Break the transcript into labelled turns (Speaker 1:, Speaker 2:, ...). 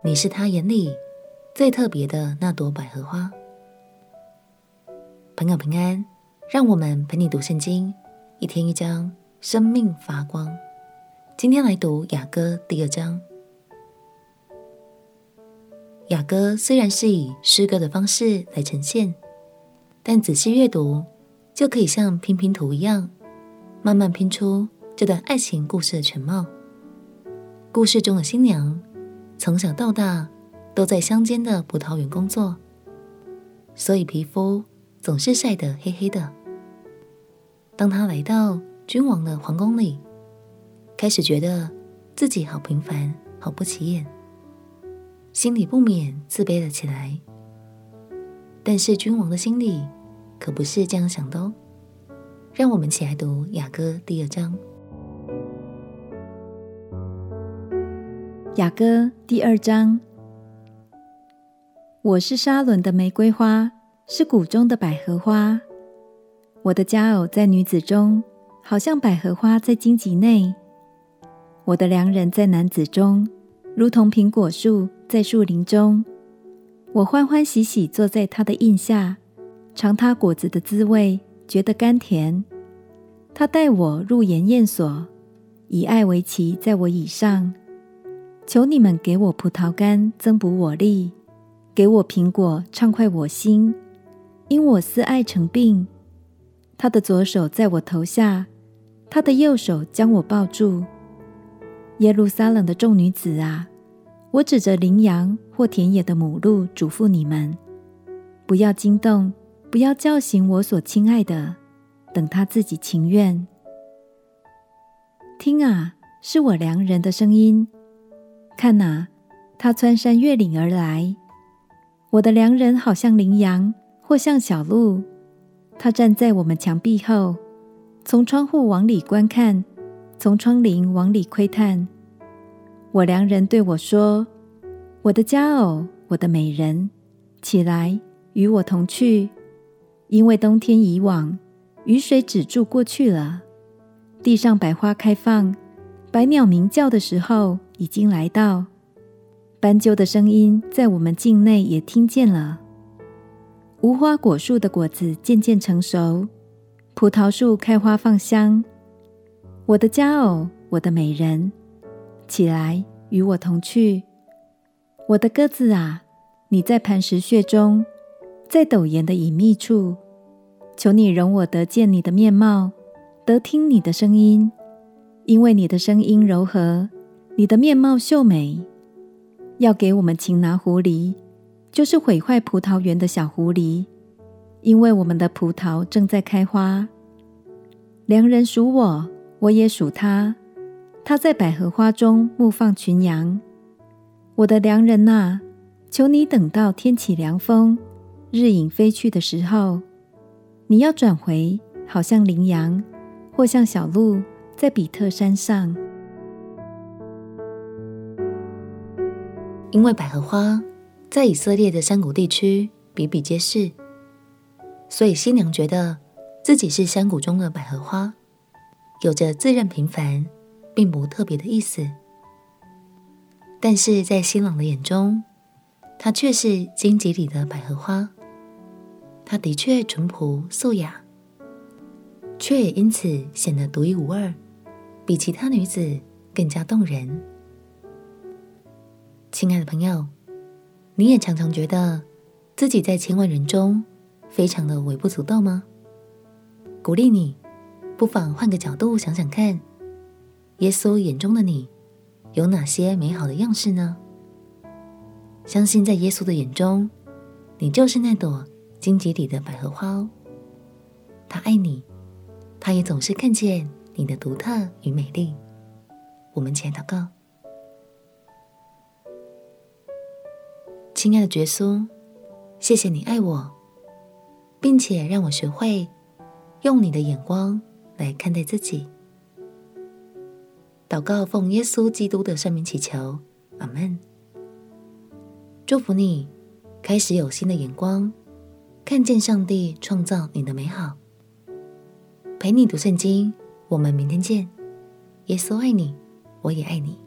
Speaker 1: 你是他眼裡最特別的那朵百合花。朋友平安，讓我們陪你讀聖經，一天一章，生命發光。今天來讀雅歌第二章。雅歌雖然是以詩歌的方式來呈現，但仔細閱讀就可以像拼拼圖一樣，慢慢拼出這段愛情故事的全貌。故事中的新娘，從小到大都在鄉間的葡萄園工作，所以皮膚總是曬得黑黑的。當他來到君王的皇宮裡，開始覺得自己好平凡、好不起眼，心裡不免自卑了起來。但是君王的心裡可不是這樣想的哦。讓我們一起來讀雅歌第二章。
Speaker 2: 雅歌第二章。我是沙崙的玫瑰花，是谷中的百合花。我的佳偶在女子中，好像百合花在荊棘內。我的良人在男子中，如同蘋果樹在樹林中。我歡歡喜喜坐在他的蔭下，嘗他果子的滋味，覺得甘甜。他帶我入筵宴所，以愛為旗，在我以上。求你們給我葡萄乾，增補我力；給我蘋果，暢快我心。因我思愛成病。他的左手在我頭下，他的右手將我抱住。耶路撒冷的眾女子啊，我指着羚羊或田野的母鹿囑咐你們：不要驚動，不要叫醒我所親愛的，等他自己情願。聽啊，是我良人的聲音。看哪、啊，他穿山越嶺而來。我的良人好像羚羊或像小鹿，他站在我們牆壁後，從窗戶往裡觀看，從窗棂往裡窺探。我良人對我說：“我的佳偶，我的美人，起來與我同去，因為冬天已往，雨水止住過去了，地上百花開放，百鳥鳴叫的時候。”已經來到，斑鳩的聲音在我們境內也聽見了。無花果樹的果子漸漸成熟，葡萄樹開花放香。我的佳偶，我的美人，起來與我同去。我的鴿子啊，你在磐石穴中，在陡巖的隱祕處，求你容我得見你的面貌，得聽你的聲音，因為你的聲音柔和。你的面貌秀美，要給我們擒拿狐狸，就是毀壞葡萄園的小狐狸，因為我們的葡萄正在開花。良人屬我，我也屬他。他在百合花中牧放群羊。我的良人吶、啊，求你等到天起涼風，日影飛去的時候，你要轉回，好像羚羊或像小鹿，在比特山上。因為百合花
Speaker 1: 在以色列的山谷地區比比皆是，所以新娘覺得自己是山谷中的百合花，有着自認平凡並不特別的意思。但是在新郎的眼中，她卻是荊棘裡的百合花，她的確淳樸素雅，卻也因此顯得獨一無二，比其他女子更加動人。親愛的朋友，你也常常覺得自己在千萬人中非常的微不足道嗎？鼓勵你，不妨換個角度想想看，耶穌眼中的你有哪些美好的樣式呢？相信在耶穌的眼中，你就是那朵荊棘裡的百合花哦。他愛你，他也總是看見你的獨特與美麗。我們一起來禱告。親愛的耶穌，謝謝你愛我，並且讓我學會用你的眼光來看待自己。禱告奉耶穌基督的聖名祈求，阿門。祝福你開始有新的眼光，看見上帝創造你的美好。陪你讀聖經，我們明天見。耶穌愛你，我也愛你。